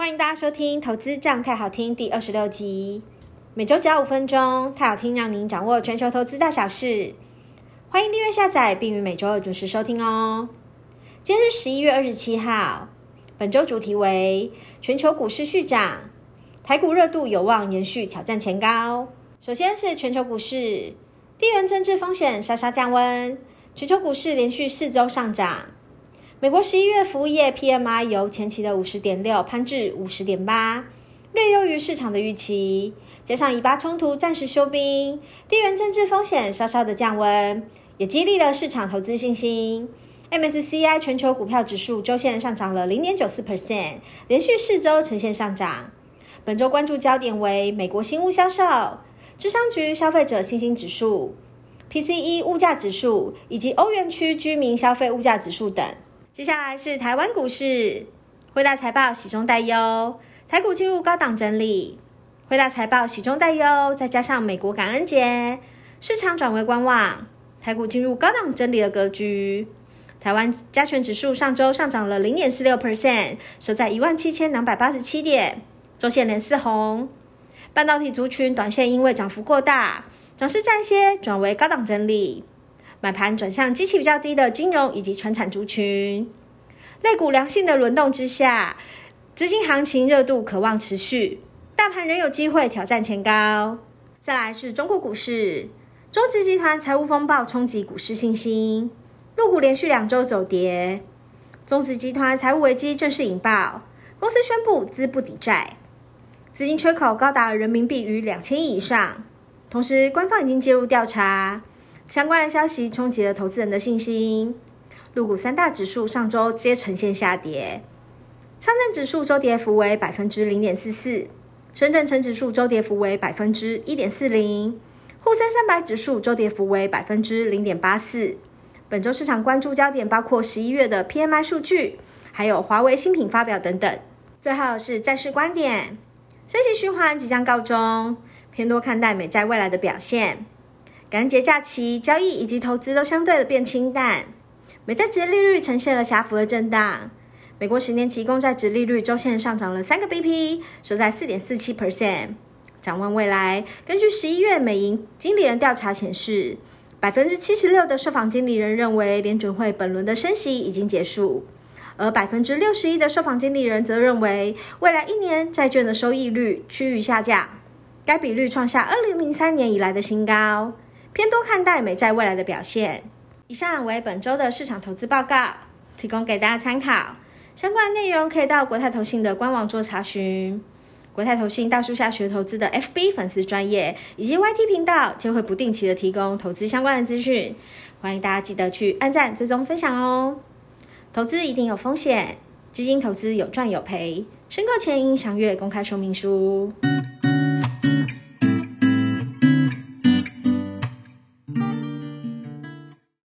歡迎大家收聽《投資這樣泰好聽》第二十六集，每周只要五分鐘，太好聽讓您掌握全球投資大小事。歡迎訂閱下載並於每周二準時收聽哦。今天是十一月二十七號，本周主題為全球股市續漲，台股熱度有望延續挑戰前高。首先是全球股市，地緣政治風險稍稍降溫，全球股市連續四周上漲。美國十一月服務業 PMI 由前期的五十點六攀至五十點八，略優於市場的預期。加上以巴衝突暫時休兵，地緣政治風險稍稍的降溫，也激勵了市場投資信心。MSCI 全球股票指數周線上漲了零點九四 percent，連續四周呈現上漲。本周關注焦點為美國新屋銷售、諮商局消費者信心指數、PCE 物價指數以及歐元區居民消費物價指數等。接下來是台灣股市，輝達財報喜中帶憂，台股進入高檔整理。輝達財報喜中帶憂，再加上美國感恩節，市場轉為觀望，台股進入高檔整理的格局。台灣加權指數上週上漲了零點四六 percent，守在一萬七千兩百八十七點，週線連四紅。半導體族群短線因為漲幅過大，漲勢在一些轉為高檔整理。買盤轉向機器比較低的金融以及傳產族群，類股良性的輪動之下，資金行情熱度可望持續，大盤仍有機會挑戰前高。再來是中國股市，中植集團財務風暴衝擊股市信心，陸股連續兩周走跌。中植集團財務危機正式引爆，公司宣布資不抵債，資金缺口高達人民幣逾兩千億以上，同時官方已經介入調查。相關的消息衝擊了投資人的信心，陸股三大指數上周皆呈現下跌，上證指數周跌幅為百分之零點四四，深圳成指數周跌幅為百分之一點四零，滬深三百指數周跌幅為百分之零點八四。本周市場關注焦點包括十一月的 PMI 數據，還有華為新品發表等等。最後是債市觀點，升息循環即將告終，偏多看待美債未來的表現。感恩節假期交易以及投資都相對的變清淡。美債殖利率呈現了狹幅的震盪。美國十年期公債殖利率周線上漲了三個 bp，收在四點四七 percent。展望未來，根據十一月美銀經理人調查顯示，百分之七十六的受訪經理人認為聯準會本輪的升息已經結束，而百分之六十一的受訪經理人則認為未來一年債券的收益率趨於下降。該比率創下二零零三年以來的新高。偏多看待美債未來的表現。以上為本周的市場投資報告，提供給大家參考。相關內容可以到國泰投信的官網做查詢。國泰投信大樹下學投資的 FB 粉絲專頁以及 YT 頻道，將會不定期的提供投資相關的資訊，歡迎大家記得去按讚、追蹤、分享哦。投資一定有風險，基金投資有賺有賠，申購前應詳閱公開說明書。